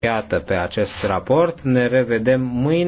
încheiată pe acest raport. Ne revedem mâine.